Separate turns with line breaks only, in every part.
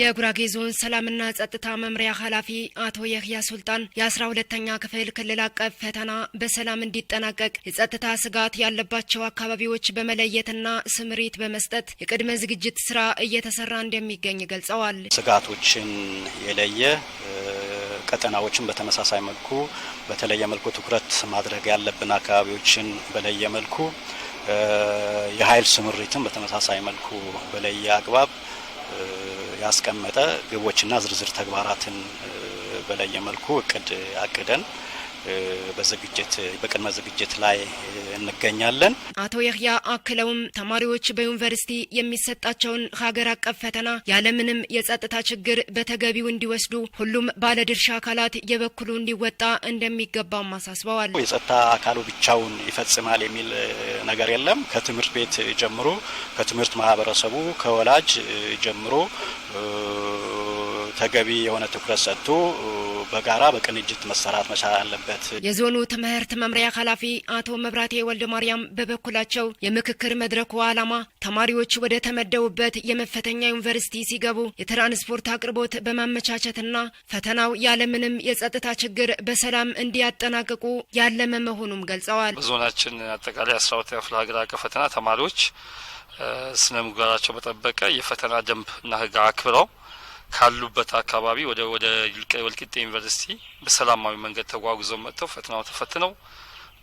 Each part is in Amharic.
የጉራጌ ዞን ሰላምና ጸጥታ መምሪያ ኃላፊ አቶ የህያ ሱልጣን የአስራ ሁለተኛ ክፍል ክልል አቀፍ ፈተና በሰላም እንዲጠናቀቅ የጸጥታ ስጋት ያለባቸው አካባቢዎች በመለየትና ስምሪት በመስጠት የቅድመ ዝግጅት ስራ እየተሰራ እንደሚገኝ ገልጸዋል።
ስጋቶችን የለየ ቀጠናዎችን በተመሳሳይ መልኩ በተለየ መልኩ ትኩረት ማድረግ ያለብን አካባቢዎችን በለየ መልኩ የኃይል ስምሪትን በተመሳሳይ መልኩ በለየ አግባብ ያስቀመጠ ግቦችና ዝርዝር ተግባራትን በለየ መልኩ እቅድ አቅደን በዝግጅት በቅድመ ዝግጅት ላይ እንገኛለን።
አቶ የህያ አክለውም ተማሪዎች በዩኒቨርሲቲ የሚሰጣቸውን ሀገር አቀፍ ፈተና ያለምንም የጸጥታ ችግር በተገቢው እንዲወስዱ ሁሉም ባለድርሻ አካላት የበኩሉ እንዲወጣ እንደሚገባም አሳስበዋል።
የጸጥታ አካሉ ብቻውን ይፈጽማል የሚል ነገር የለም። ከትምህርት ቤት ጀምሮ ከትምህርት ማህበረሰቡ ከወላጅ ጀምሮ ተገቢ የሆነ ትኩረት ሰጥቶ በጋራ በቅንጅት መሰራት መቻል አለበት።
የዞኑ ትምህርት መምሪያ ኃላፊ አቶ መብራቴ ወልደ ማርያም በበኩላቸው የምክክር መድረኩ ዓላማ ተማሪዎች ወደ ተመደቡበት የመፈተኛ ዩኒቨርሲቲ ሲገቡ የትራንስፖርት አቅርቦት በማመቻቸትና ፈተናው ያለምንም የጸጥታ ችግር በሰላም እንዲያጠናቅቁ ያለመ መሆኑም ገልጸዋል።
በዞናችን አጠቃላይ አስራ ሁለተኛ ክፍለ ሀገር አቀፍ ፈተና ተማሪዎች ስነ ምግባራቸው በጠበቀ የፈተና ደንብና ህግ አክብረው ካሉበት አካባቢ ወደ ወደ ወልቂጤ ዩኒቨርሲቲ በሰላማዊ መንገድ ተጓጉዘው መጥተው ፈተናው ተፈትነው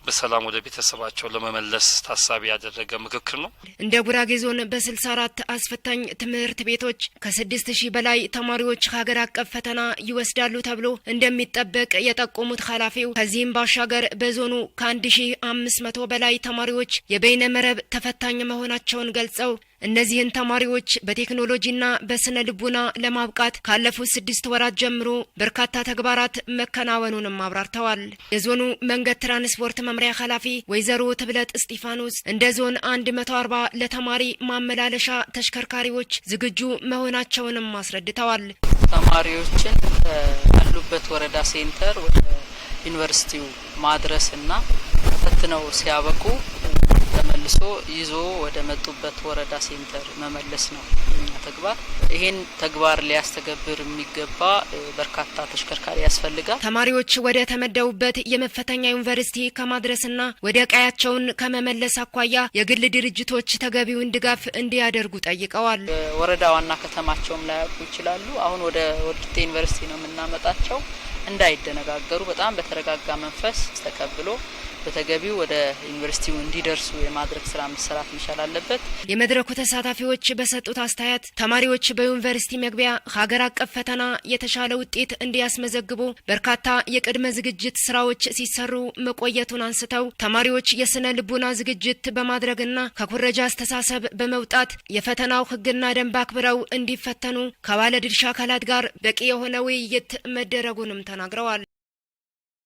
በሰላም ወደ ቤተሰባቸው ለመመለስ ታሳቢ ያደረገ ምክክር ነው።
እንደ ጉራጌ ዞን በስልሳ አራት አስፈታኝ ትምህርት ቤቶች ከስድስት ሺህ በላይ ተማሪዎች ሀገር አቀፍ ፈተና ይወስዳሉ ተብሎ እንደሚጠበቅ የጠቆሙት ኃላፊው ከዚህም ባሻገር በዞኑ ከአንድ ሺህ አምስት መቶ በላይ ተማሪዎች የበይነ መረብ ተፈታኝ መሆናቸውን ገልጸው እነዚህን ተማሪዎች በቴክኖሎጂና በስነ ልቡና ለማብቃት ካለፉት ስድስት ወራት ጀምሮ በርካታ ተግባራት መከናወኑንም አብራርተዋል። የዞኑ መንገድ ትራንስፖርት መምሪያ ኃላፊ ወይዘሮ ትብለጥ እስጢፋኖስ እንደ ዞን 140 ለተማሪ ማመላለሻ ተሽከርካሪዎች ዝግጁ መሆናቸውንም አስረድተዋል።
ተማሪዎችን ያሉበት ወረዳ ሴንተር ወደ ዩኒቨርሲቲው ማድረስና ፈትነው ሲያበቁ መልሶ ይዞ ወደ መጡበት ወረዳ ሴንተር መመለስ ነው የኛ ተግባር። ይህን ተግባር ሊያስተገብር የሚገባ በርካታ ተሽከርካሪ ያስፈልጋል።
ተማሪዎች ወደ ተመደቡበት የመፈተኛ ዩኒቨርሲቲ ከማድረስና ወደ ቀያቸውን ከመመለስ አኳያ የግል ድርጅቶች ተገቢውን ድጋፍ እንዲያደርጉ ጠይቀዋል።
ወረዳ ዋና ከተማቸውም ላያውቁ ይችላሉ። አሁን ወደ ወልቂጤ ዩኒቨርሲቲ ነው የምናመጣቸው። እንዳይደነጋገሩ በጣም በተረጋጋ መንፈስ ተቀብሎ በተገቢው ወደ ዩኒቨርሲቲው እንዲደርሱ የማድረግ ስራ መሰራት መቻል አለበት።
የመድረኩ ተሳታፊዎች በሰጡት አስተያየት ተማሪዎች በዩኒቨርሲቲ መግቢያ ሀገር አቀፍ ፈተና የተሻለ ውጤት እንዲያስመዘግቡ በርካታ የቅድመ ዝግጅት ስራዎች ሲሰሩ መቆየቱን አንስተው ተማሪዎች የስነ ልቡና ዝግጅት በማድረግና ከኩረጃ አስተሳሰብ በመውጣት የፈተናው ህግና ደንብ አክብረው እንዲፈተኑ ከባለድርሻ አካላት ጋር በቂ የሆነ ውይይት መደረጉንም ተናግረዋል።